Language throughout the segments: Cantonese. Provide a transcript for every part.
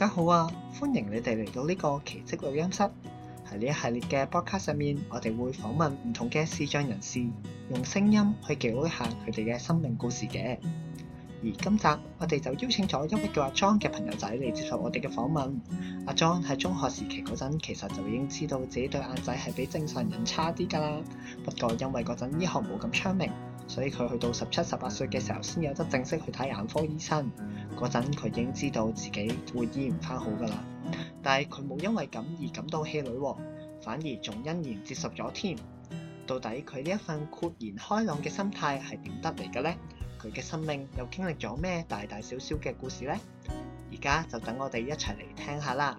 大家好啊！歡迎你哋嚟到呢個奇蹟錄音室，喺呢一系列嘅 podcast 上面，我哋會訪問唔同嘅視障人士，用聲音去記錄一下佢哋嘅生命故事嘅。而今集我哋就邀請咗一位叫阿 John 嘅朋友仔嚟接受我哋嘅訪問。阿 John 喺中學時期嗰陣，其實就已經知道自己對眼仔係比正常人差啲㗎喇。不過因為嗰陣醫學冇咁昌明。所以佢去到十七、十八歲嘅時候，先有得正式去睇眼科醫生。嗰陣佢已經知道自己會醫唔翻好噶啦，但係佢冇因為咁而感到氣餒，反而仲欣然接受咗添。到底佢呢一份豁然開朗嘅心態係點得嚟嘅呢？佢嘅生命又經歷咗咩大大小小嘅故事呢？而家就等我哋一齊嚟聽聽一下啦。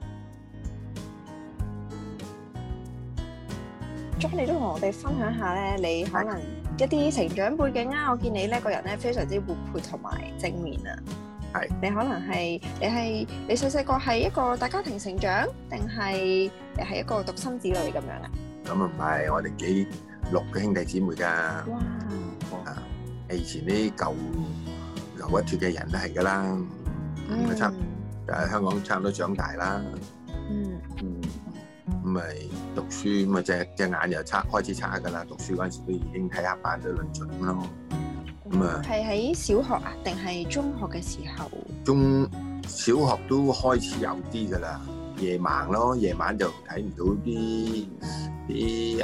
John 你都同我哋分享一下咧，你可能。一啲成長背景啊，我見你呢個人呢，非常之活潑同埋正面啊，係你可能係你係你細細個係一個大家庭成長定係你係一個獨生子女咁樣啊？咁啊，唔係，我哋幾六個兄弟姊妹㗎，啊，以前啲舊舊一脱嘅人都係㗎啦，嗯，差，喺香港差唔多長大啦，嗯嗯，唔係。讀書咁啊，隻隻眼又差，開始差㗎喇。讀書嗰陣時都已經睇黑板都論盡咯。咁啊，係喺小學啊，定係中學嘅時候？中小學都開始有啲㗎喇，夜晚咯，夜晚就睇唔到啲啲誒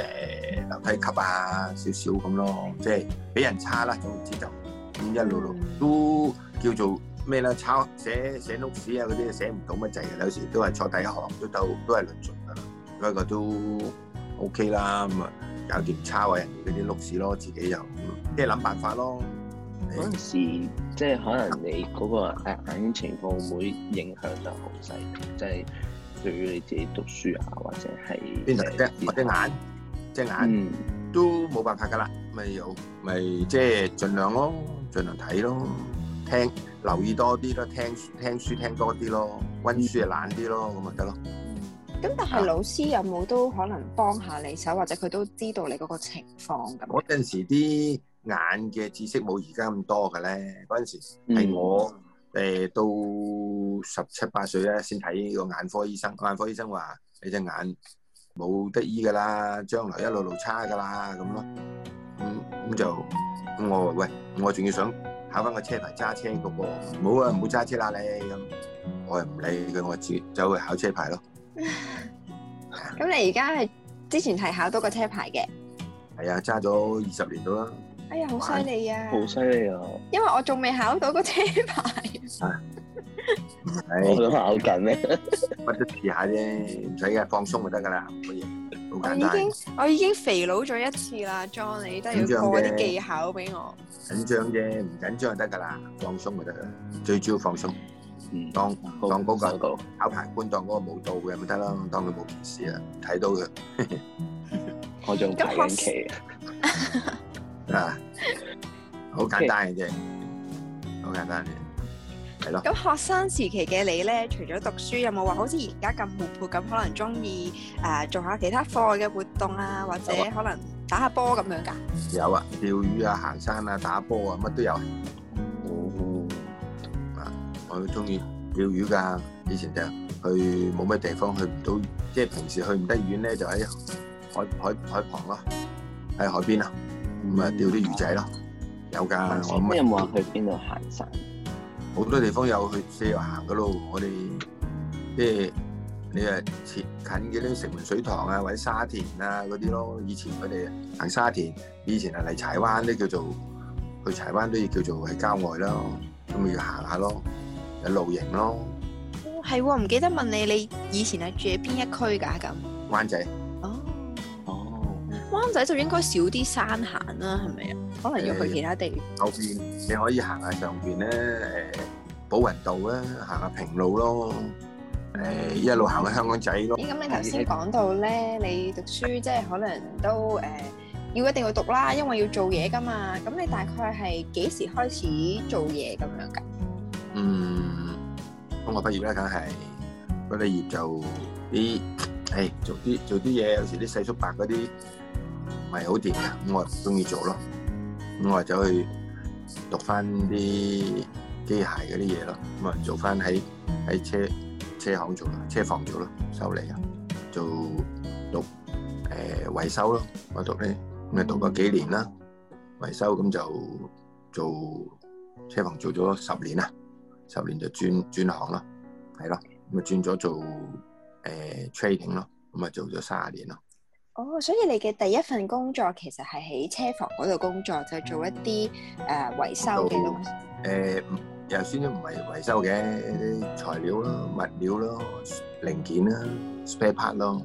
樓梯級啊，少少咁咯，即係畀人差啦，總之就咁一路路都叫做咩啦？抄寫寫筆字啊嗰啲寫唔到乜滯嘅，有時都係坐第一行都到都係論盡。嗰個都 OK 啦，咁啊有啲抄下人哋啲錄事咯，自己又即係諗辦法咯。嗰陣時即係可能你嗰個眼睛情況會影響得好細，嗯、即係對於你自己讀書啊，或者係邊度啫？裏即我隻眼隻、嗯、眼都冇辦法噶啦，咪有咪即係盡量咯，盡量睇咯，聽留意多啲咯，聽聽書聽多啲咯，温書就懶啲咯，咁咪得咯。咁但係老師有冇都可能幫下你手，或者佢都知道你嗰個情況咁？嗰陣時啲眼嘅知識冇而家咁多嘅咧，嗰陣時係我誒、嗯、到十七八歲咧先睇個眼科醫生，眼科醫生話你隻眼冇得醫噶啦，將來一路路差噶啦咁咯。咁咁就咁我喂，我仲要想考翻個車牌揸車個噃，唔好啊唔好揸車啦你咁，我又唔理佢，我自走去考車牌咯。咁你而家係之前係考到個車牌嘅，係啊，揸咗二十年到啦。哎呀，好犀利啊！好犀利啊！因為我仲未考到個車牌，我想考緊咩？我都試下啫，唔使嘅，放鬆就得噶啦，冇嘢，好簡單。我已經肥佬咗一次啦，John 你都要過啲技巧俾我。緊張啫，唔緊張就得噶啦，放鬆就得噶啦，最主要放鬆。唔當當嗰個考牌官當嗰個舞蹈嘅咪得咯，當佢冇件事啊，睇到佢我做假期啊，啊好簡單嘅啫，好簡單嘅係咯。咁學生時期嘅你咧，除咗讀書，有冇話好似而家咁活潑咁，可能中意，誒做下其他課外嘅活動啊，或者可能打下波咁樣？噶有啊，釣魚啊，行山啊，打波啊，乜都有。我中意釣魚㗎，以前就去冇咩地方去唔到，即係平時去唔得遠咧，就喺海海海旁咯，喺海邊啊，咁啊、嗯、釣啲魚仔咯，有㗎。嗯、我咁，你有冇話去邊度行山？好多地方有去，四係行嗰路。我哋即係你啊，近嘅啲城門水塘啊，或者沙田啊嗰啲咯。以前佢哋行沙田，以前係嚟柴灣都叫做，去柴灣都要叫做喺郊外咯，咁咪、嗯、要行下咯。有露營咯，係唔、哦、記得問你，你以前係住喺邊一區噶咁？灣仔哦哦，灣、哦、仔就應該少啲山行啦，係咪啊？可能要去其他地方。後邊、欸、你可以行下上邊咧，誒、呃，寶雲道啊，行下平路咯，誒、嗯呃，一路行去香港仔咯。咦、欸，咁你頭先講到咧，你讀書即係可能都誒、呃、要一定要讀啦，因為要做嘢噶嘛。咁你大概係幾時開始做嘢咁樣噶？嗯，中學畢業啦，梗係，畢業就啲，誒，做啲做啲嘢，有時啲細叔伯嗰啲唔係好掂嘅，咁我中意做咯，咁我走去讀翻啲機械嗰啲嘢咯，咁啊做翻喺喺車車行做，車房做咯，修理啊，做讀誒維修咯，我讀咧，咁啊讀咗幾年啦，維修咁就做車房做咗十年啦。十年就轉轉行啦，係咯，咁啊轉咗做誒 trading 咯，咁啊做咗卅年咯。哦，所以你嘅第一份工作其實係喺車房嗰度工作，就做一啲誒維修嘅東西。誒，首先都唔係維修嘅，材料咯、物料咯、零件啦、spare part 咯，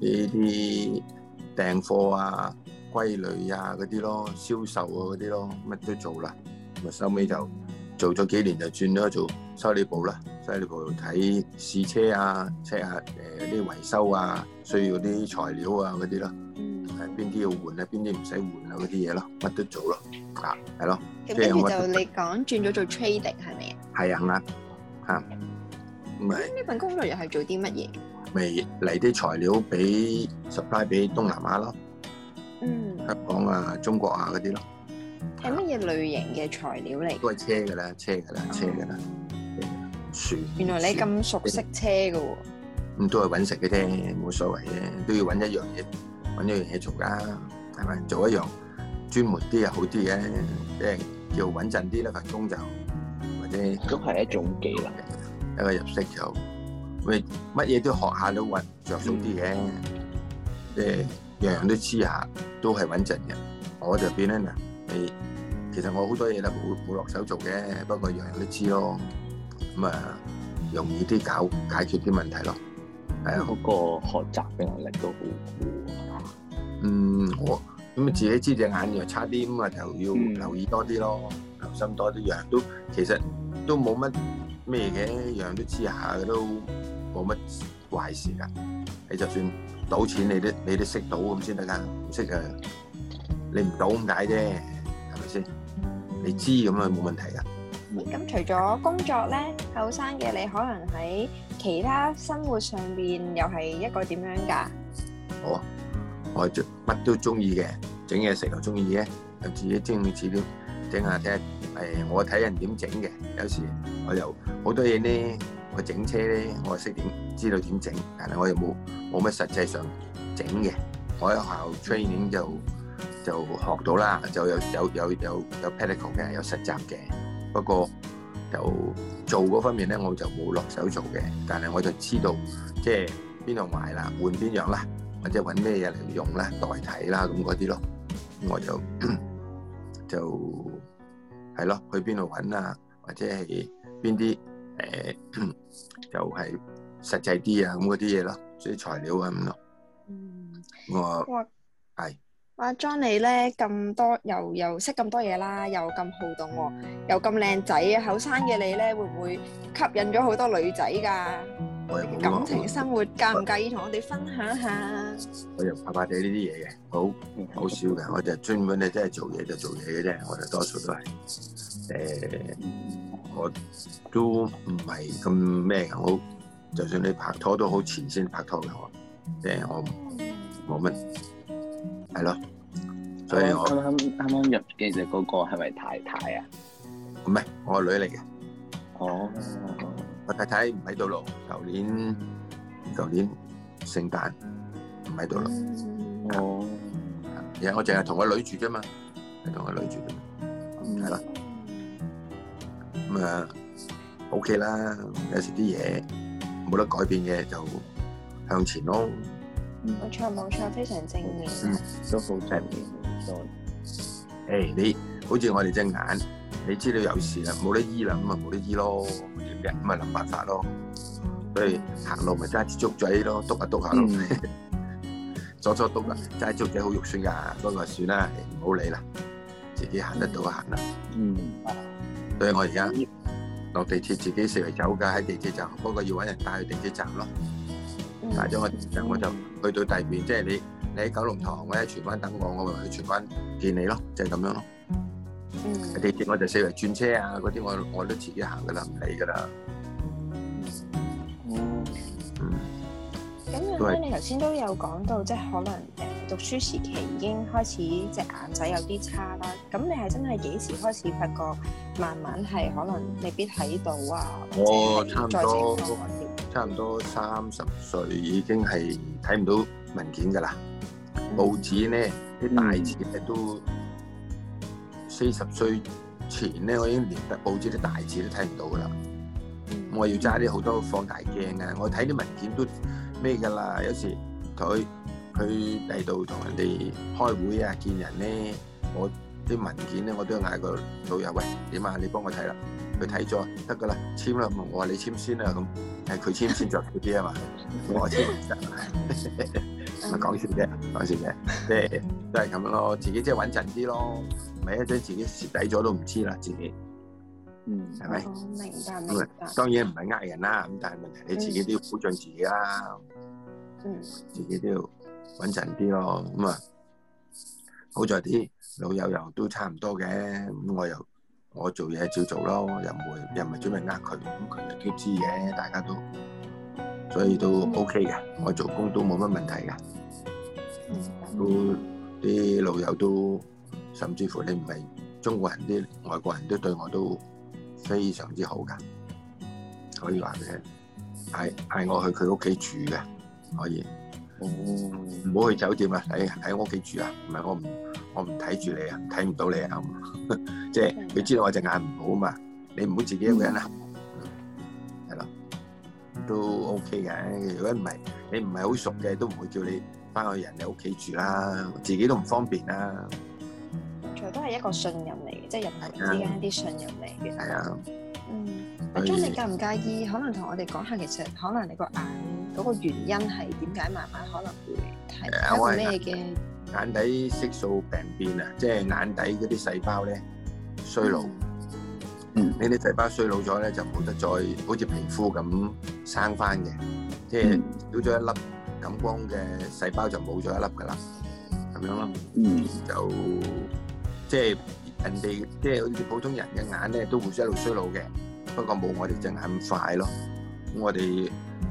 呢啲訂貨啊、歸類啊嗰啲咯、銷售啊嗰啲咯，乜都做啦，咁啊收尾就。做咗幾年就轉咗做修理部啦，修理部睇試車啊、車啊，誒啲維修啊、需要啲材料啊嗰啲咯，誒邊啲要換咧，邊啲唔使換啊嗰啲嘢咯，乜都做咯，啊，係咯。跟住就你講轉咗做 trading 係咪啊？係啊，係嘛嚇？咁呢份工作又係做啲乜嘢？未嚟啲材料俾 supply 俾東南亞咯，嗯，香港啊、中國啊嗰啲咯。係乜嘢類型嘅材料嚟？都係車噶啦，車噶啦，車噶啦。原來你咁熟悉車噶？咁都係揾食嘅啫，冇所謂嘅，都要揾一樣嘢，揾一樣嘢做㗎，係咪？做一樣專門啲又好啲嘅，即係要穩陣啲啦份工就，或者。都係一種技能嚟嘅，一個入息就，咩乜嘢都學都、嗯、都下都穩着數啲嘅，即係樣樣都知下都係穩陣嘅，我就變咗嗱。誒，其實我好多嘢都冇冇落手做嘅，不過樣樣都知咯。咁啊，容易啲搞解決啲問題咯。誒，嗰個學習嘅能力都好高。嗯，我咁啊自己知隻眼又差啲，咁啊就要留意多啲咯，留心多啲樣都，其實都冇乜咩嘅，樣樣都知下嘅都冇乜壞事噶。你就算賭錢，你都你都識賭咁先得噶，唔識啊，你唔賭咁解啫。係咪先？你知咁啊，冇問題噶。咁除咗工作咧，後生嘅你可能喺其他生活上邊又係一個點樣噶，哦？我我做乜都中意嘅，整嘢食又中意嘅，有自己整嘅資料，整下睇下。誒，我睇人點整嘅，有時我又好多嘢咧。我整車咧，我識點知道點整，但係我又冇冇乜實際上整嘅。我喺學校 training 就。就學到啦，就有有有有有 practical 嘅，有實習嘅。不過就做嗰方面咧，我就冇落手做嘅。但係我就知道即係邊度買啦，換邊樣啦，或者揾咩嘢嚟用啦、代替啦咁嗰啲咯。我就就係咯，去邊度揾啊？或者係邊啲誒？就係實際啲啊，咁嗰啲嘢咯，啲材料啊咁咯。嗯，我係。阿 John，你咧咁多又又識咁多嘢啦，又咁好動，又咁靚仔，後生嘅你咧會唔會吸引咗好多女仔噶？感情生活介唔介意同我哋分享下？我又怕怕地呢啲嘢嘅，好好少嘅，我就專門咧即係做嘢就做嘢嘅啫，我哋多數都係誒，我都唔係咁咩嘅，好，就算你拍拖都好，前先拍拖嘅，我誒我冇乜係咯。所以我啱啱啱啱入嘅，其實嗰個係咪太太啊？唔係，我個女嚟嘅。哦，oh. 我太太唔喺度咯。舊年舊年聖誕唔喺度咯。哦、mm, oh. 啊，而、啊啊、我淨係同我女住啫嘛，係同我女住。嗯、mm. 啊，係、啊、啦。咁啊，OK 啦。有時啲嘢冇得改變嘅就向前咯。冇錯，冇錯，非常正面、嗯。都好正面。誒，你好似我哋隻眼，你知道有事啦，冇得醫啦，咁咪冇得醫咯，咁咪諗辦法咯，所以行路咪揸住竹仔咯，篤下篤下咯，左左篤啦，揸住竹仔好肉酸噶，不過算啦，唔好理啦，自己行得到行啦。嗯，所以我而家落地鐵自己成日走噶，喺地鐵站，不過要搵人帶去地鐵站咯，帶咗我地鐵站，我就去到第二邊，即係你。你喺九龍塘，我喺荃灣等我，我咪去荃灣見你咯，就係、係、咁樣咯。地鐵、嗯、我就四圍轉車啊，嗰啲我我都自己行噶啦，唔理噶啦。嗯，咁樣、嗯、係你頭先都有講到，即係可能誒讀書時期已經開始隻眼仔有啲差啦。咁你係真係幾時開始發覺慢慢係可能未必睇到啊？哦、我差唔多，差唔多三十歲已經係睇唔到文件噶啦。報紙咧啲大字咧，都四十歲前咧，我已經連得報紙啲大字都睇唔到噶啦。我要揸啲好多放大鏡啊，我睇啲文件都咩噶啦。有時佢佢第度同人哋開會啊，見人咧，我啲文件咧我都嗌個老友，喂點啊？你幫我睇啦。佢睇咗得噶啦，簽啦，我話你簽先啦咁，係佢簽先著少啲啊嘛，我簽唔得。 講笑啫，講笑啫，即係都係咁咯，自己即係穩陣啲咯，唔係一朝自己蝕底咗都唔知啦，自己，嗯，係咪吧？我、嗯、明白，明當然唔係呃人啦，咁白但係問題你自己都要保障自己啦，嗯，自己都要穩陣啲咯，咁啊、嗯，好在啲老友又都差唔多嘅，咁我又我做嘢照做咯，又唔會、嗯、又唔係準備呃佢，咁佢又都唔知嘅，大家都。所以都 OK 嘅，我做工都冇乜問題嘅，都啲老友都，甚至乎你唔係中國人啲外國人都對我都非常之好噶，可以話俾你聽，係係我去佢屋企住嘅，可以，唔好、嗯嗯、去酒店啊，喺喺我屋企住啊，唔係我唔我唔睇住你啊，睇唔到你啊，即係佢知道我隻眼唔好嘛，你唔好自己一個人啊。嗯都 OK 嘅，如果唔係你唔係好熟嘅，都唔會叫你翻去人哋屋企住啦，自己都唔方便啦。其實都係一個信任嚟嘅，即係人哋之間啲信任嚟嘅。係啊，嗯，阿 John，你介唔介意？可能同我哋講下，其實可能你個眼嗰個原因係點解慢慢可能會睇到咩嘅？眼底色素病變啊，即係眼底嗰啲細胞咧衰老。嗯，呢啲細胞衰老咗咧，就冇得再好似皮膚咁。生翻嘅，即係少咗一粒感光嘅細胞就冇咗一粒噶啦，咁樣咯，就即係人哋即係好似普通人嘅眼咧，都會一路衰老嘅，不過冇我哋隻眼咁快咯。我哋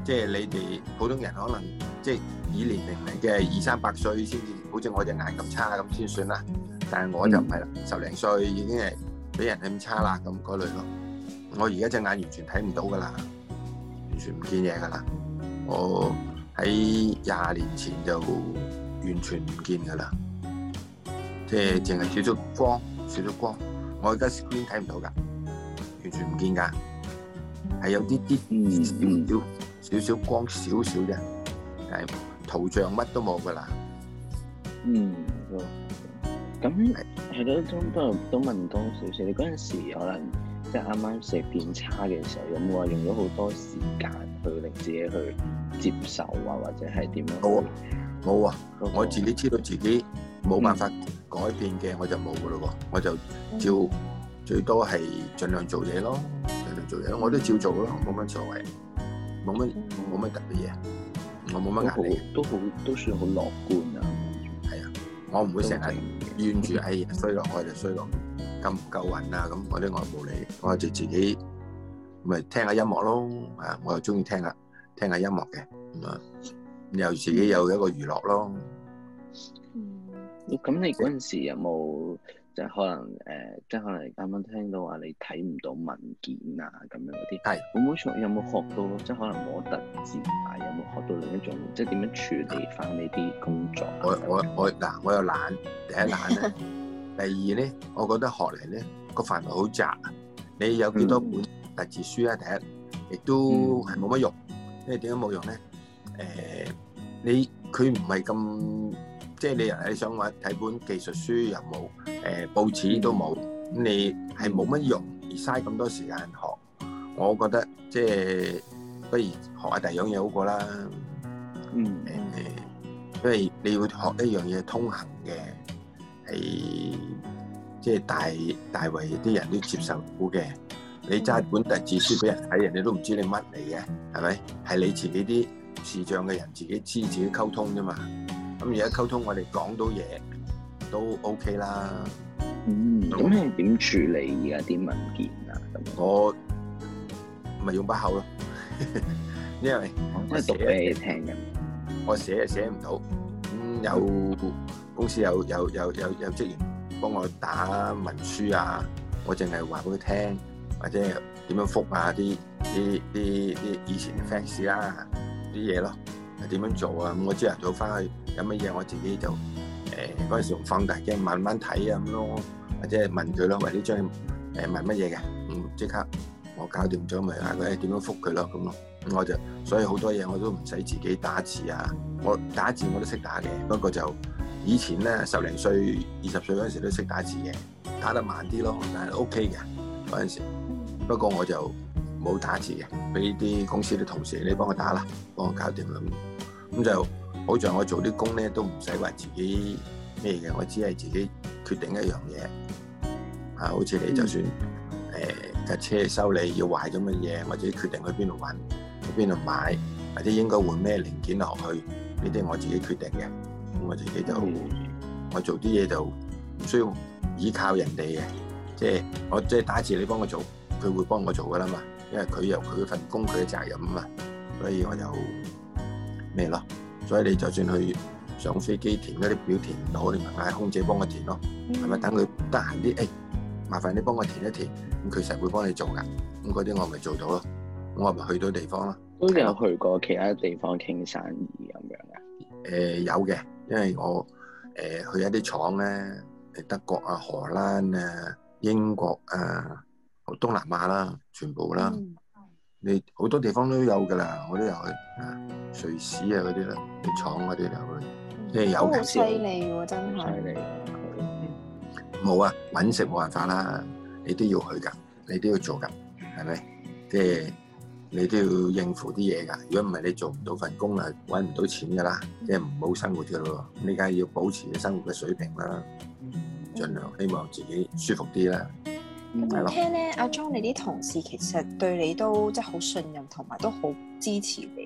即係你哋普通人可能即係以年齡嚟嘅二三百歲先至好似我隻眼咁差咁先算啦。但係我就唔係啦，十零歲已經係比人哋咁差啦，咁嗰類咯。我而家隻眼完全睇唔到噶啦～完全唔見嘢噶啦，我喺廿年前就完全唔見噶啦，即係淨係少咗光，少咗光，我而家 screen 睇唔到噶，完全唔見噶，係有啲啲少少少少光少少啫，係圖像乜都冇噶啦。嗯，咁係咯，都都問多少少，你嗰陣時可能。即係啱啱食變差嘅時候，有冇話用咗好多時間去令自己去接受啊，或者係點樣？冇冇啊！但 我自己知道自己冇辦法改變嘅，嗯、我就冇噶咯喎，我就照、嗯、最多係儘量做嘢咯，盡量做嘢咯，我都照做咯，冇乜所謂，冇乜冇乜特別嘢，我冇乜壓力、嗯嗯。都好都算好樂觀啊！係啊，我唔會成日怨住，着嗯、哎呀衰落，我就衰落。夠唔夠運啊！咁我啲外務嚟，我就自己咪聽下音樂咯。啊，我又中意聽下，聽下音樂嘅咁啊，又自己有一個娛樂咯。嗯，咁你嗰陣時有冇即係可能誒，即係可能啱啱聽到話你睇唔到文件啊咁樣嗰啲，係會唔會有冇學到即係可能摸凸字啊？有冇學到另一種即係點樣處理翻呢啲工作？我我我嗱，我又懶，第一懶啊！第二咧，我覺得學嚟咧個範圍好窄，你有幾多本特字書咧？嗯、第一亦都係冇乜用，嗯、因為點解冇用咧？誒、呃，你佢唔係咁，即係、就是、你你想話睇本技術書又冇，誒、呃、報紙都冇，咁你係冇乜用，而嘥咁多時間學，我覺得即係、就是、不如學下第二樣嘢好過啦、呃嗯。嗯誒，因為你要學一樣嘢通行嘅。係即係大大圍啲人都接受到嘅，你揸本大字書俾人睇，人哋都唔知你乜嚟嘅，係咪？係你自己啲視障嘅人自己知，自己溝通啫嘛。咁而家溝通，我哋講到嘢都 OK 啦。嗯，咁你點處理而家啲文件啊？我咪用把口咯， 因為因為讀俾你聽嘅，我寫又寫唔到，咁、嗯、有。公司有有有有有職員幫我打文書啊，我淨係話俾佢聽，或者點樣覆啊啲啲啲啲以前的 fax 啦啲嘢咯，點樣做啊？咁我朝頭早翻去有乜嘢，我自己就誒嗰陣時用放大鏡慢慢睇啊咁咯，或者問佢咯、啊，或者將誒、欸、問乜嘢嘅，嗯即刻我搞掂咗咪，嗌佢點樣覆佢咯咁咯，我就所以好多嘢我都唔使自己打字啊，我打字我都識打嘅，不過就～以前咧十零歲、二十歲嗰陣時都識打字嘅，打得慢啲咯，但係 OK 嘅嗰陣時。不過我就冇打字嘅，俾啲公司啲同事你幫我打啦，幫我搞掂啦。咁就好在我做啲工咧都唔使話自己咩嘅，我只係自己決定一樣嘢。啊，好似你就算誒架、嗯呃、車修理要壞咗乜嘢，或者決定去邊度揾、去邊度買，或者應該換咩零件落去，呢啲我自己決定嘅。我自己就、嗯、我做啲嘢就唔需要依靠人哋嘅，即、就、係、是、我即係、就是、打字你幫我做，佢會幫我做噶啦嘛，因為佢有佢份工佢嘅責任啊嘛，所以我有咩咯？所以你就算去上飛機填嗰啲表填唔到，你咪嗌空姐幫我填咯，係咪等佢得閒啲？誒、哎，麻煩你幫我填一填，咁佢實會幫你做噶，咁嗰啲我咪做到咯，我咪去到地方、嗯、咯。都有去過其他地方傾生意咁樣啊？誒、呃，有嘅。因為我誒、呃、去一啲廠咧，誒德國啊、荷蘭啊、英國啊、呃、東南亞啦，全部啦，嗯、你好多地方都有㗎啦，我都有去啊，瑞士啊嗰啲啦，廠嗯、你廠嗰啲入去，即係有公司。都好犀利喎，真係。冇啊，搵食冇辦法啦，你都要去㗎，你都要做㗎，係咪？即、就、係、是。你都要應付啲嘢㗎，如果唔係你做唔到份工啊，揾唔到錢㗎啦，即係唔好生活㗎咯。你梗係要保持你生活嘅水平啦，儘、嗯、量希望自己舒服啲啦。咁聽咧，阿 John，你啲同事其實對你都即係好信任，同埋都好支持你。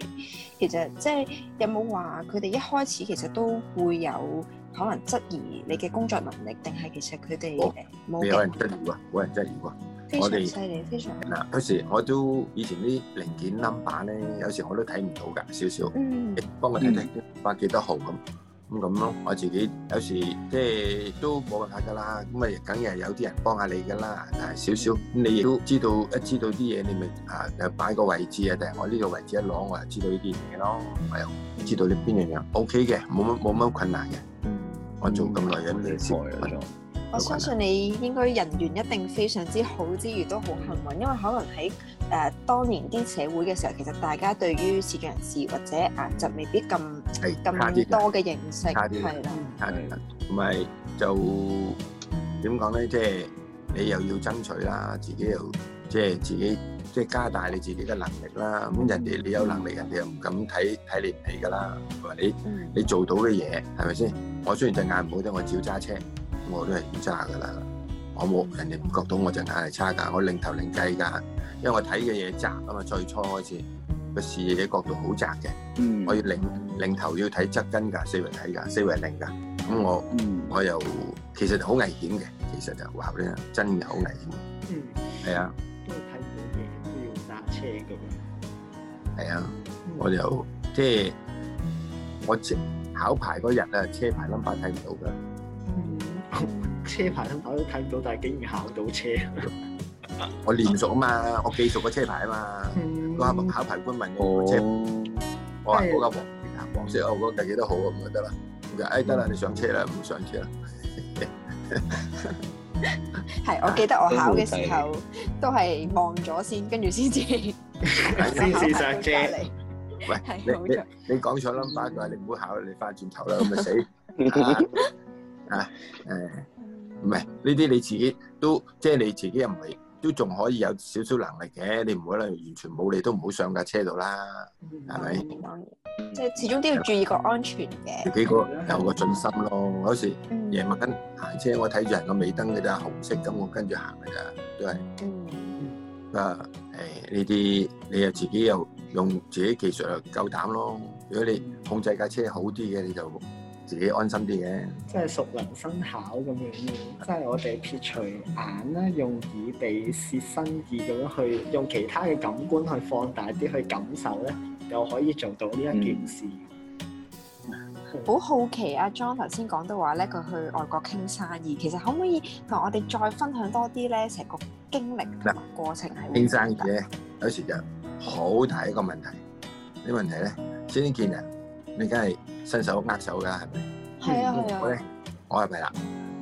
其實即係、就是、有冇話佢哋一開始其實都會有可能質疑你嘅工作能力，定係其實佢哋冇冇人質疑㗎，冇人質疑㗎。我哋嗱，有時我都以前啲零件 number 咧，有時我都睇唔到㗎，少少。嗯，幫我睇睇，百幾多號咁咁咯。我自己有時即係都冇辦法㗎啦。咁啊，梗係有啲人幫下你㗎啦。但係少少，你亦都知道一知道啲嘢，你咪啊又擺個位置啊，定係我呢個位置一攞，我就知道呢啲嘢咯。係，知道你邊樣樣 OK 嘅，冇乜冇乜困難嘅。嗯，我做咁耐人哋識，係咯。我相信你應該人緣一定非常之好之餘都好幸運，因為可能喺誒當年啲社會嘅時候，其實大家對於視障人士或者啊就未必咁咁多嘅認識，係啦，係啦，同埋就點講咧？即係你又要爭取啦，自己又即係自己即係加大你自己嘅能力啦。咁人哋你有能力，人哋又唔敢睇睇你嚟㗎啦。同埋你你做到嘅嘢係咪先？我雖然隻眼唔好啲，我照揸車。我都係唔揸噶啦，我冇人哋唔覺到我隻眼係差噶，我擰頭擰計噶，因為我睇嘅嘢窄啊嘛，最初開始個視野角度好窄嘅。嗯、我要擰擰頭要睇側根噶，四圍睇噶，四圍擰噶，咁我、嗯、我又其實好危險嘅，其實就話咧真係好危險，係、嗯、啊，都睇唔到嘢都要揸車噶喎，係啊，嗯、我又即係我整考牌嗰日啊，車牌 number 睇唔到噶。車牌都考都睇唔到，但係竟然考到車，我練熟啊嘛，我記熟個車牌啊嘛，我係咪考牌官問我，我話嗰家黃黃色，我講第幾多號咁就得啦。咁啊，哎得啦，你上車啦，唔好上車啦。係，我記得我考嘅時候都係望咗先，跟住先至先考牌過嚟。喂，係冇錯，你講錯 number 嘅話，你唔好考，你翻轉頭啦，咁咪死啊！誒。唔係呢啲你自己都，即係你自己又唔係都仲可以有少少能力嘅，你唔可能完全冇，你都唔好上架車度啦，係咪？當然，即係始終都要注意個安全嘅。自己個有個準心咯，好似夜晚跟行車，我睇住人個尾燈嘅啫，紅色咁，我跟住行㗎啫，都係。嗯嗯。啊誒，呢啲你又自己又用自己技術又夠膽咯，如果你控制架車好啲嘅，你就。自己安心啲嘅，即係熟能生巧咁樣。即係我哋撇除眼啦，用耳鼻舌身意咁樣去，用其他嘅感官去放大啲去感受咧，又可以做到呢一件事。好、嗯、好奇阿 John 頭先講到話咧，佢去外國傾生意，其實可唔可以同我哋再分享多啲咧，成個經歷同過程係？傾生意呢，有時就好大一個問題，啲、這個、問題咧先見人。你梗係伸手握手㗎，係咪？係啊係啊。我咧，我係咪啦？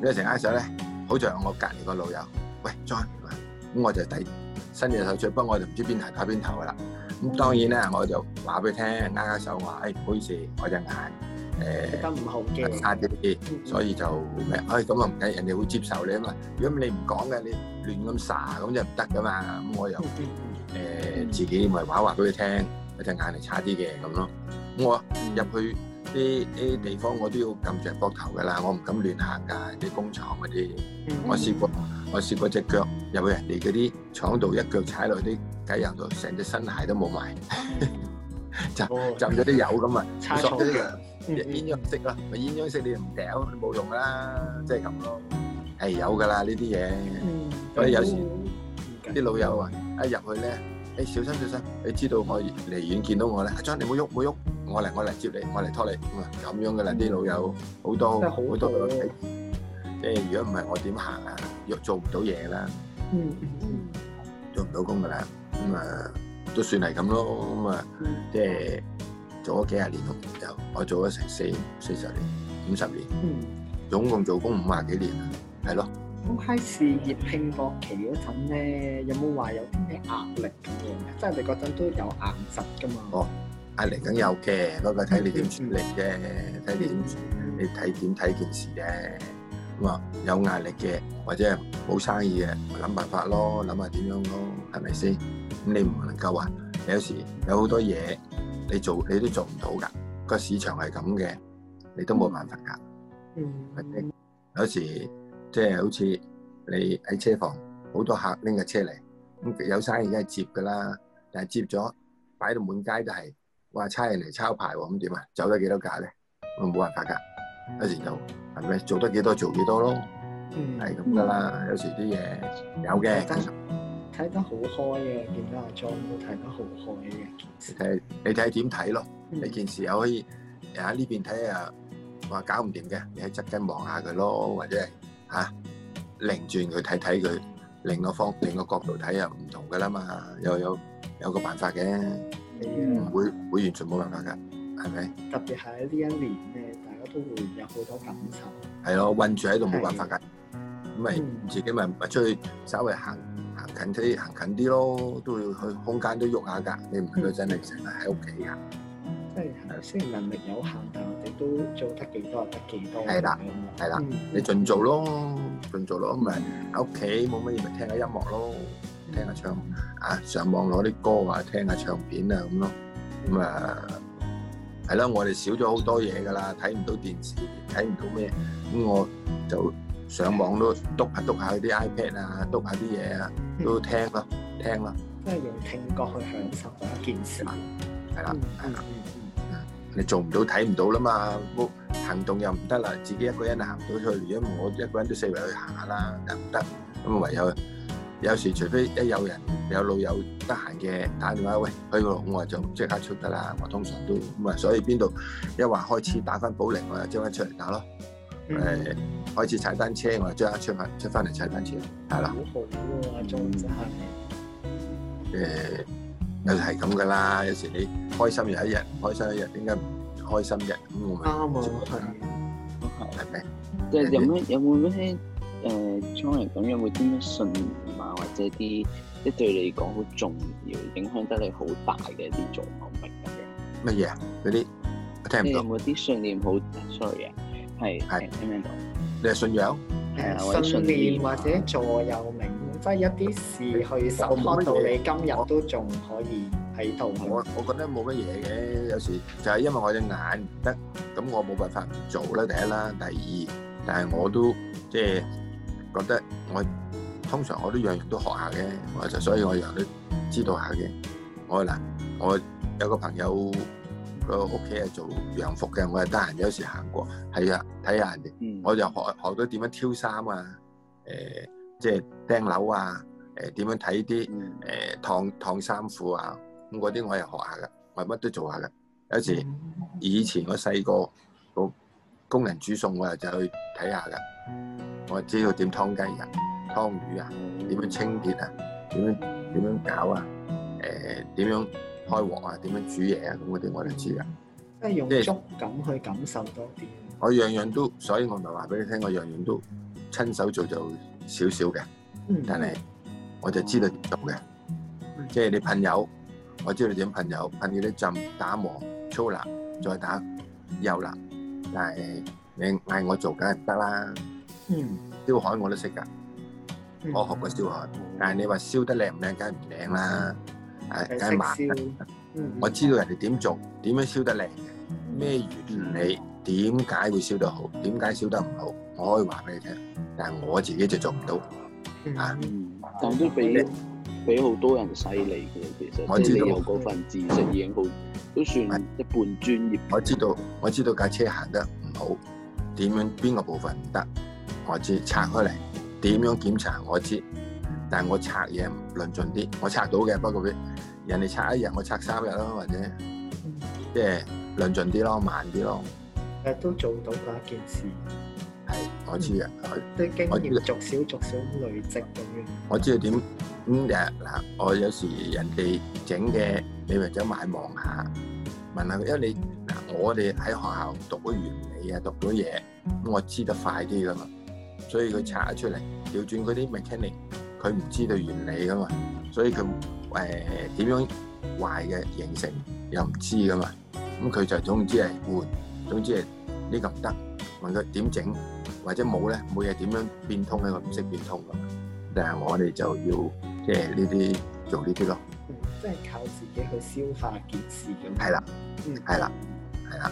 你一成握手咧，好在我隔離個老友，喂，join 啊！咁我就第伸隻手出，不過我就唔知邊頭打邊頭噶啦。咁當然咧，我就話俾佢聽，握手話，誒，唔好意思，我隻眼誒，差啲啲，所以就誒，咁又唔緊，人哋會接受你啊嘛。如果你唔講嘅，你亂咁耍咁就唔得噶嘛。咁我又誒自己咪話話俾佢聽，我隻眼係差啲嘅咁咯。我入去啲啲地方，我都要撳著膊頭噶啦，我唔敢亂行噶啲工廠嗰啲。我試過，我試過隻腳入去人哋嗰啲廠度，一腳踩落啲雞油度，成隻新鞋都冇埋，浸浸咗啲油咁啊！錯嘅，鴛鴦色咯，咪鴛鴦色你唔掉，冇用啦，即係咁咯。係有噶啦呢啲嘢，所以有時啲老友啊，一入去咧，誒小心小心，你知道我離遠見到我咧，阿張你唔好喐唔好喐。我嚟我嚟接你，我嚟拖你咁啊！咁樣嘅啦，啲老友好多好多，即係如果唔係我點行啊？又做唔到嘢啦，嗯嗯，做唔到工噶啦，咁啊都算係咁咯，咁啊即係做咗幾廿年咯，就我做咗成四四十年、五十年，嗯，總共做工五廿幾年啦，係咯。咁喺事業拼搏期嗰陣咧，有冇話有啲咩壓力咁嘅？即係你嗰陣都有壓力噶嘛？哦。壓力梗有嘅，不過睇你點處理啫，睇你點處理，你睇點睇件事啫。咁啊，有壓力嘅，或者冇生意嘅，諗辦法咯，諗下點樣咯，係咪先？咁你唔能夠話有時有好多嘢你做你都做唔到㗎，個市場係咁嘅，你都冇辦法㗎。嗯。或者有時即係好似你喺車房，好多客拎架車嚟，咁有生意梗係接㗎啦，但係接咗擺到滿街都係。話差人嚟抄牌喎，咁點啊？走得幾多價咧？我冇辦法噶，有時就係咪做得幾多做幾多咯，係咁噶啦。嗯、有時啲嘢有嘅，睇得好實開嘅，見到阿 John 都睇得好開嘅。你睇點睇咯？呢、嗯、件事又可以喺呢邊睇啊，話搞唔掂嘅，你喺側跟望下佢咯，或者係嚇擰轉佢睇睇佢，另外方另外角度睇又唔同噶啦嘛，又、嗯、有有個辦法嘅。你唔會會完全冇辦法㗎，係咪？特別喺呢一年咧，大家都會有好多感受。係咯，韞住喺度冇辦法㗎，咁咪自己咪咪出去稍微行行近啲，行近啲咯，都會去空間都喐下㗎。你唔去到真係成日喺屋企㗎。即係雖然能力有限，但係我哋都做得幾多得幾多。係啦，係啦，你盡做咯，盡做咯，咁咪喺屋企冇乜嘢咪聽下音樂咯。聽下唱啊，上網攞啲歌啊，聽下唱片啊咁咯。咁啊，係咯，我哋少咗好多嘢㗎啦，睇唔到電視，睇唔到咩？咁我就上網都篤下篤下啲 iPad 啊，篤下啲嘢啊，都聽咯，聽咯。即係用聽覺去享受一件事。係啦，係啦，你做唔到睇唔到啦嘛，行動又唔得啦，自己一個人行唔到出去，如果我一個人都四圍去行下啦，又唔得，咁唯有。有時除非一有人有老友得閒嘅打電話喂，去以我話就即刻出㗎啦。我通常都咁啊，所以邊度一話開始打翻保齡，我就即刻出嚟打咯。誒、嗯呃、開始踩單車，我就即刻出翻出翻嚟踩單車，係啦。好好、啊、喎，仲係誒，有時係咁噶啦。有時你開心又一日，唔開心一日，點解唔開心啫？咁我啱啊！係的，咪吧？即係有咩的有冇咩誒？將嚟咁有冇啲咩信或者啲即係對你講好重要、影響得你好大嘅一啲座右銘嘅乜嘢啊？嗰啲我聽唔到。有冇啲信念好 Sorry 啊？係係聽唔聽到？你係信仰？係啊，信念或者座右銘，即係一啲事去守到你今日都仲可以喺度。我我覺得冇乜嘢嘅，有時就係因為我隻眼唔得，咁我冇辦法唔做啦。第一啦，第二，但係我都即係覺得我。通常我都樣樣都學下嘅，我就所以我又都知道下嘅。我嗱，我有個朋友個屋企係做洋服嘅，我係得閒有時行過，係啊，睇下人哋，我就學學到點樣挑衫啊，誒、呃、即係釘紐啊，誒、呃、點樣睇啲誒燙燙衫褲啊，咁嗰啲我又學下㗎，我係乜都做下㗎。有時以前我細個工工人煮餸，我係就去睇下㗎，我知道點燙雞㗎。湯魚啊，點樣清潔啊？點樣點樣搞啊？誒、呃、點樣開鑊啊？點樣煮嘢啊？咁我哋我哋知啊，即係、嗯就是、用觸感去感受多啲。我樣樣都，所以我咪話俾你聽，我樣樣都親手做做少少嘅，嗯、但係我就知道點做嘅，即係、嗯、你噴油，我知道你點噴油，噴嗰啲浸打磨粗粒，再打幼粒，但係你嗌我做梗係唔得啦。嗯，燒海我都識㗎。我學過燒焊，但係你話燒得靚唔靚，梗係唔靚啦。係梗係麻煩。燒我知道人哋點做，點、嗯、樣燒得靚嘅，咩、嗯、原理，點解、嗯、會燒得好，點解燒得唔好，我可以話俾你聽。但係我自己就做唔到。嗯、啊，但都比、嗯、比好多人犀利嘅，其實我知道，我嗰份知識已經好，嗯、都算一半專業。我知道，我知道架車行得唔好，點樣邊個部分唔得，我知拆開嚟。點樣檢查我知，但我拆嘢論盡啲，我拆到嘅，不過啲人哋拆一日，我拆三日咯，或者、嗯、即係論盡啲咯，慢啲咯。誒，都做到嗰一件事，係我知啊，都、嗯、我經驗逐少我逐少累積咁樣。我知道點咁日嗱，我有時人哋整嘅，你或者買望下問下佢，因為你嗱、嗯啊、我哋喺學校讀咗原理啊，讀咗嘢，嗯、我知得快啲㗎嘛。所以佢查得出嚟，調轉嗰啲 mechanic，佢唔知道原理噶嘛，所以佢誒點樣壞嘅形成又唔知噶嘛，咁佢就總之係換，總之係呢個唔得，問佢點整，或者冇咧，冇嘢點樣變通咧，佢唔識變通噶嘛。但係我哋就要即係呢啲做呢啲咯，即係靠自己去消化件事咁，係啦，係啦，係啦。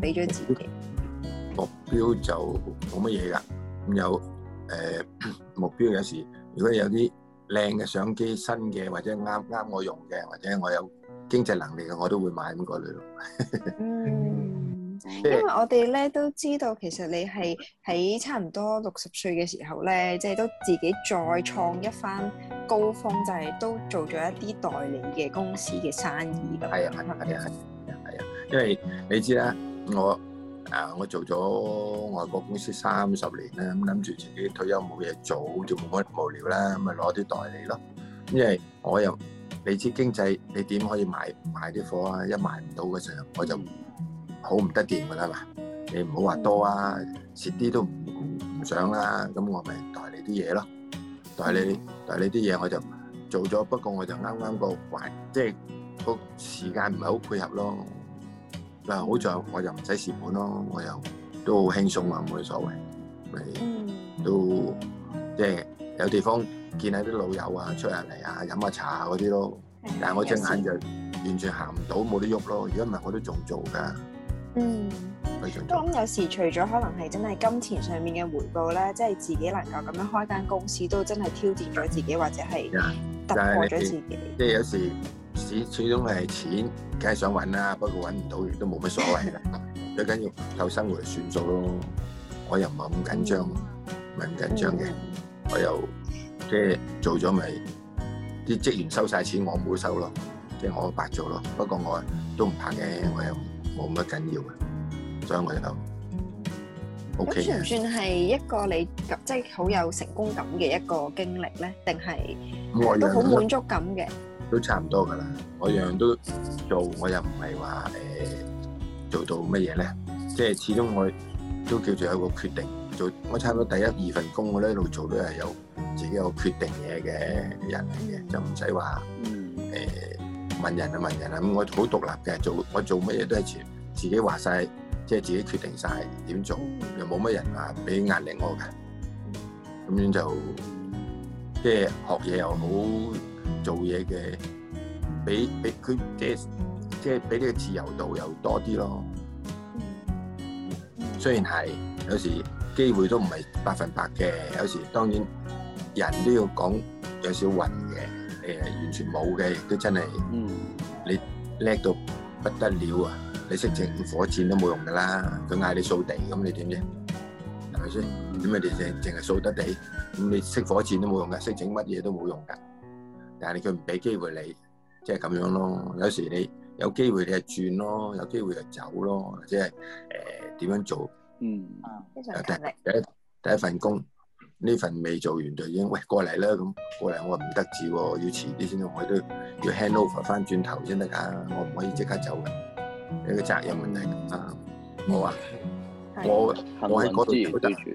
俾咗自己目標就冇乜嘢噶，咁有誒目標有時，如果有啲靚嘅相機、新嘅或者啱啱我用嘅，或者我有經濟能力嘅，我都會買咁過來咯。嗯，因為我哋咧都知道，其實你係喺差唔多六十歲嘅時候咧，即係都自己再創一番高峰，就係都做咗一啲代理嘅公司嘅生意。咁係啊係啊係啊係啊，因為你知啦。我誒，我做咗外國公司三十年啦，咁諗住自己退休冇嘢做，就冇乜無聊啦，咁咪攞啲代理咯。因為我又你知經濟，你點可以買買啲貨啊？一買唔到嘅時候，我就好唔得掂噶啦嘛。你唔好話多啊，蝕啲都唔唔想啦。咁我咪代理啲嘢咯。代理代理啲嘢我就做咗，不過我就啱啱個環，即係個時間唔係好配合咯。嗱，好在我又唔使蝕本咯，我又都好輕鬆啊，冇乜所謂，咪都、嗯、即係有地方見下啲老友啊，出下嚟啊，飲下茶嗰啲咯。嗯、但係我隻眼時就完全行唔到，冇得喐咯。如果唔係，嗯、我都仲做㗎。嗯，繼續。我諗有時除咗可能係真係金錢上面嘅回報咧，即係自己能夠咁樣開間公司，都真係挑戰咗自己或者係突破咗自己。自己就係、即係有時。始始終係錢，梗係想揾啦，不過揾唔到亦都冇乜所謂啦。最緊 要夠生活算數咯。我又唔係咁緊張，唔係咁緊張嘅。嗯、我又即係、就是、做咗咪啲職員收晒錢，我冇收咯，即、就、係、是、我白做咯。不過我都唔怕嘅，我又冇乜緊要嘅。所以我就 OK 嘅。咁、嗯、算唔算係一個你即係好有成功感嘅一個經歷咧？定係都好滿足感嘅？都差唔多噶啦，我樣樣都做，我又唔係話誒做到乜嘢咧，即係始終我都叫做有個決定做。我差唔多第一二份工，我呢一路做都係有自己有決定嘢嘅人嚟嘅，就唔使話誒問人啊，問人啊。咁我好獨立嘅，做我做乜嘢都係全自己話晒，即係自己決定晒點做，又冇乜人啊俾壓力我嘅，咁樣就即係學嘢又好。做嘢嘅，比比佢即係即係比呢個自由度又多啲咯。雖然係有時機會都唔係百分百嘅，有時當然人都要講有少運嘅，誒完全冇嘅亦都真係。你叻到不得了啊！你識整火箭都冇用噶啦，佢嗌你掃地咁你點啫？係咪先？點解你淨淨係掃得地，咁你識火箭都冇用噶，識整乜嘢都冇用噶。但係佢唔俾機會你，即係咁樣咯。有時你有機會你就轉咯，有機會就走咯，即係誒點樣做？嗯，非常勤力。第一第一份工呢份未做完就已經，喂，過嚟啦咁過嚟，我話唔得字，要遲啲先咯。我都要 hand over 翻轉頭先得噶，我唔可以即刻走嘅，一個責任問題啊！我啊，我的我喺嗰度住住住，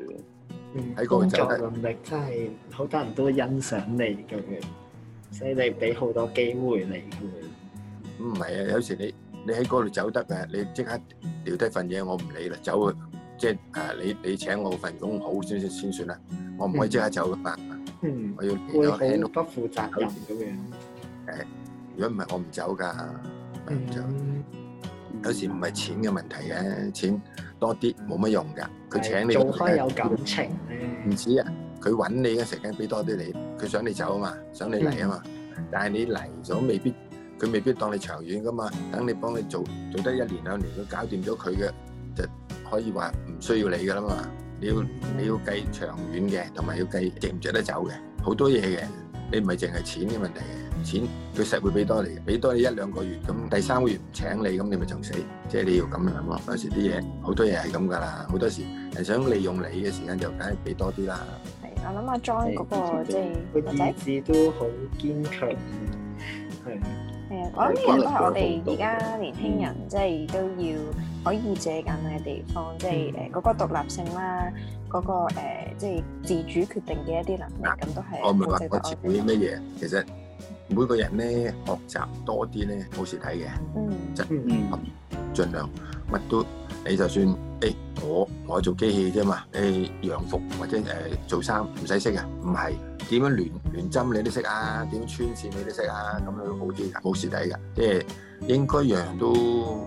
喺嗰度做。之之工作能力真係好多人都欣賞你咁樣。所以你俾好多機會你嘅，唔係啊！有時你你喺嗰度走得嘅，你即刻掉低份嘢，我唔理啦，走啊！即係誒，你你請我份工好先先先算啦，我唔可以即刻走㗎嘛。嗯，我要。會好不負責任咁樣。誒，如果唔係我唔走㗎，唔走。有時唔係錢嘅問題嘅，錢多啲冇乜用㗎。佢請你做開有感情咧。唔止啊！佢揾你嘅時間俾多啲你，佢想你走啊嘛，想你嚟啊嘛。但係你嚟咗，未必佢未必當你長遠噶嘛。等你幫佢做做得一年兩年，佢搞掂咗佢嘅，就可以話唔需要你噶啦嘛。你要你要計長遠嘅，同埋要計值唔值得走嘅，好多嘢嘅。你唔係淨係錢嘅問題，錢佢實會俾多你，俾多你一兩個月，咁第三個月唔請你，咁你咪仲死。即係你要咁樣咯。有時啲嘢好多嘢係咁噶啦，好多時係想利用你嘅時間就梗係俾多啲啦。我諗阿 John 嗰個即係個意志都好堅強，係。誒，我諗呢個都係我哋而家年輕人即係都要可以借鑒嘅地方，即係誒嗰個獨立性啦，嗰個誒即係自主決定嘅一啲能力，咁都係。我唔係話我自己乜嘢，其實每個人咧學習多啲咧，好蝕底嘅。嗯，即係盡量乜都。你就算誒、欸，我我做機器啫嘛。誒，洋服或者誒、呃、做衫唔使識啊，唔係點樣聯聯針你都識啊，點穿線你都識啊，咁樣好啲嘅，冇蝕底嘅，即係應該樣樣都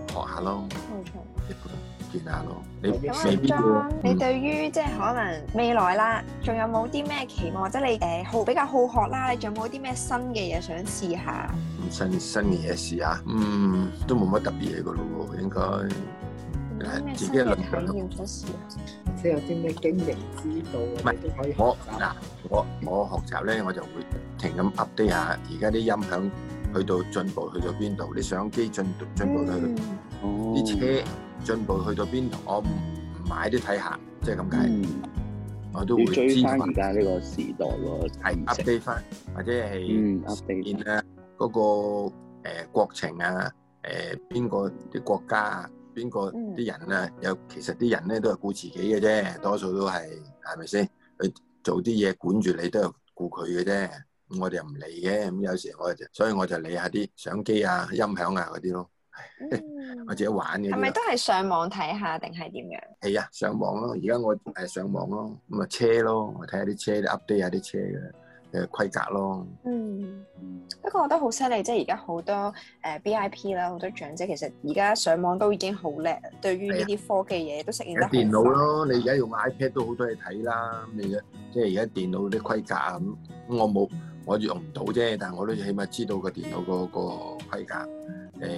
學下咯沒錯，冇錯，一般見下咯。未必張，你對於即係可能未來啦，仲有冇啲咩期望？或者你誒好比較好學啦，你仲有冇啲咩新嘅嘢想試下？新新嘅嘢試下？嗯，都冇乜特別嘢噶咯，應該。自己嘅論點，即係有啲咩經營之道啊？唔係都可以我嗱，我我學習咧，我就會停咁 update 下。而家啲音響去到進步，去到邊度？啲相機進進步去，啲車進步去到邊度？我唔買都睇下，即係咁解。我都會追翻而家呢個時代喎，係 update 翻，或者係 update 見啊嗰個誒國情啊，誒邊個啲國家啊？邊個啲人咧？有，其實啲人咧都係顧自己嘅啫，多數都係，係咪先？佢做啲嘢管住你都係顧佢嘅啫。我哋又唔理嘅。咁有時我就所以我就理下啲相機啊、音響啊嗰啲咯， 我自己玩嘅，啲。係咪都係上網睇下定係點樣？係啊，上網咯。而家我誒上網咯，咁啊車咯，我睇下啲車，update 下啲車嘅。嘅規格咯，嗯，不過我覺得好犀利，即係而家好多誒 VIP 啦，好多長者其實而家上網都已經好叻，對於呢啲科技嘢都適應得很。電腦咯，你而家用 iPad 都好多嘢睇啦，咩嘅？即係而家電腦啲規格啊，咁我冇我用唔到啫，但係我都起碼知道個電腦嗰個規格。誒、呃，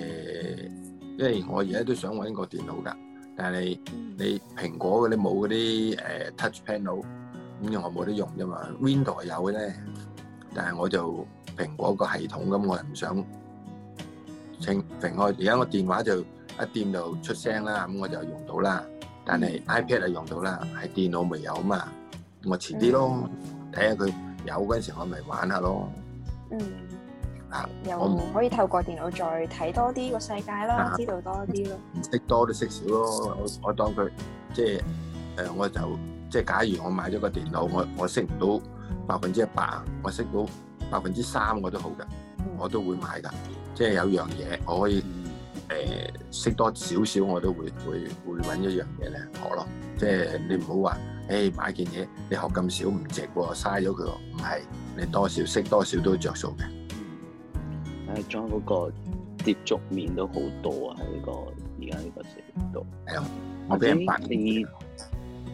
因為我而家都想搵個電腦㗎，但係你，你蘋果嗰啲冇嗰啲誒 touch panel。咁樣我冇得用啫嘛，Windows 有嘅咧，但係我就蘋果個系統咁，我又唔想清屏開。而家我電話就一掂就出聲啦，咁我就用到啦。但係 iPad 就用到啦，係電腦未有嘛，我遲啲咯，睇下佢有嗰陣時，我咪玩下咯。嗯，嗱，又我唔可以透過電腦再睇多啲個世界啦，知道多啲咯。唔識多都識少咯，我我當佢即係誒，我就。即係假如我買咗個電腦，我我識唔到百分之一百，我識到百分之三我都好嘅，我都會買㗎。即係有樣嘢我可以誒、欸、識多、欸、少少，我都會會會揾一樣嘢嚟學咯。即係你唔好話，誒買件嘢你學咁少唔值喎，嘥咗佢喎，唔係你多少識多少都着數嘅。誒，將嗰個接觸面都好多啊！喺、呢個而家呢個社會度，我俾人煩啲是。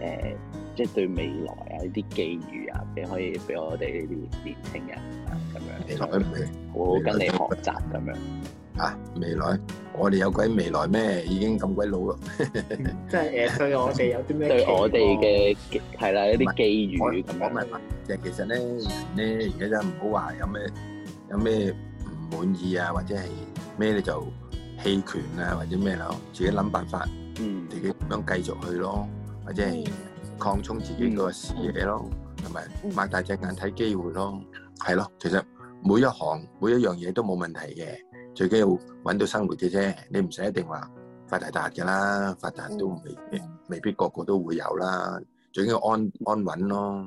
誒，即係對未來啊，呢啲寄語啊，可以俾我哋呢啲年輕人啊，咁樣，未來好好跟你、哦、學習咁樣啊。未來我哋有鬼未來咩？已經咁鬼老咯，即係誒。我對我哋有啲咩？對我哋嘅係啦，有啲寄語咁樣。即係其實咧，咧而家真係唔好話有咩有咩唔滿意啊，或者係咩你就棄權啊，或者咩咯，自己諗辦法，嗯，自己咁樣繼續去咯。或者係擴充自己個視野咯，同埋擘大隻眼睇機會咯，係咯。其實每一行每一樣嘢都冇問題嘅，最緊要揾到生活嘅啫。你唔使一定話發大達嘅啦，發達都未未必個個都會有啦，最緊要安安穩咯。